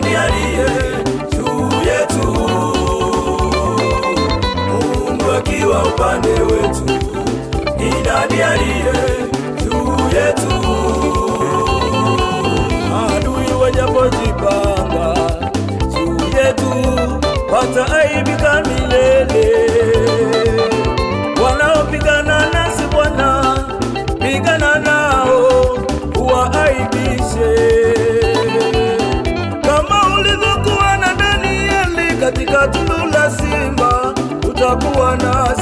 nani aliye juu yetu, Mungu akiwa upande wetu, ni nani aliye kuwa nasi.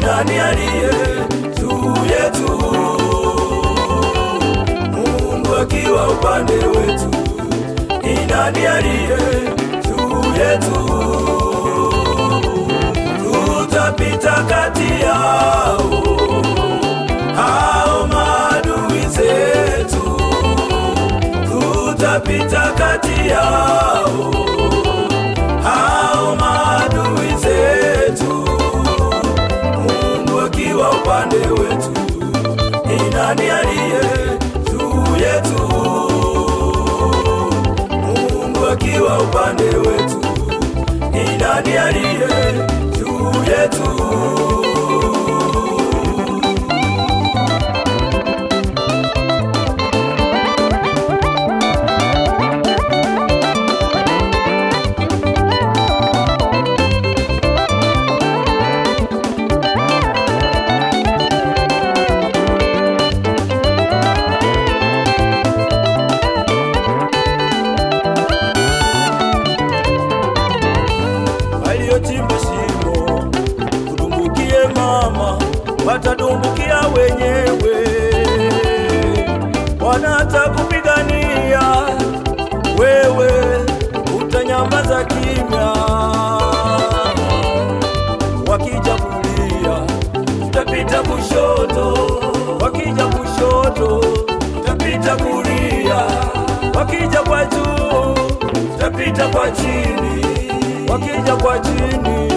ni nani aliye juu yetu? Mungu akiwa upande wetu, ni nani aliye juu yetu? Tutapita kati yao hao maadui zetu, tutapita kati yao wa upande wetu, ni nani aliye juu yetu? watadumbukia wenyewe, wanatakupigania wewe, utanyamaza kimya. Wakija kulia utapita kushoto, wakija kushoto utapita kulia, wakija kwa juu utapita kwa chini, wakija kwa chini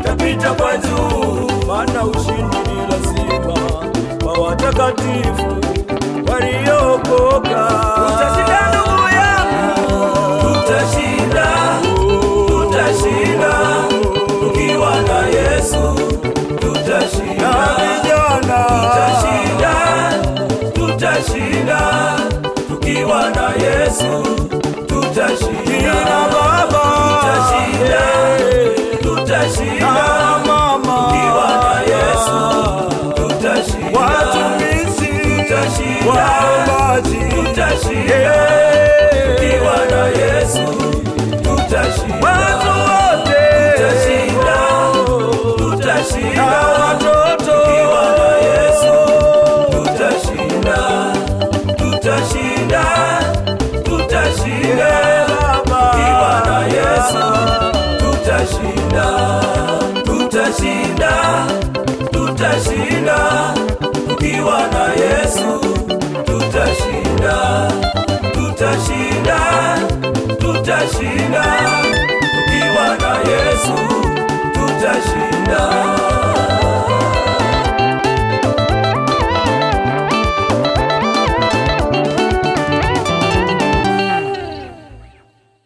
utapita kwa juu, maana watakatifu waliookoka. Tutashinda tutashinda, tutashinda tukiwa na tutashinda tutashinda, tutashinda tutashinda baba, tutashinda, tutashinda tutashinda, tutashinda, tutashinda tukiwa na Yesu.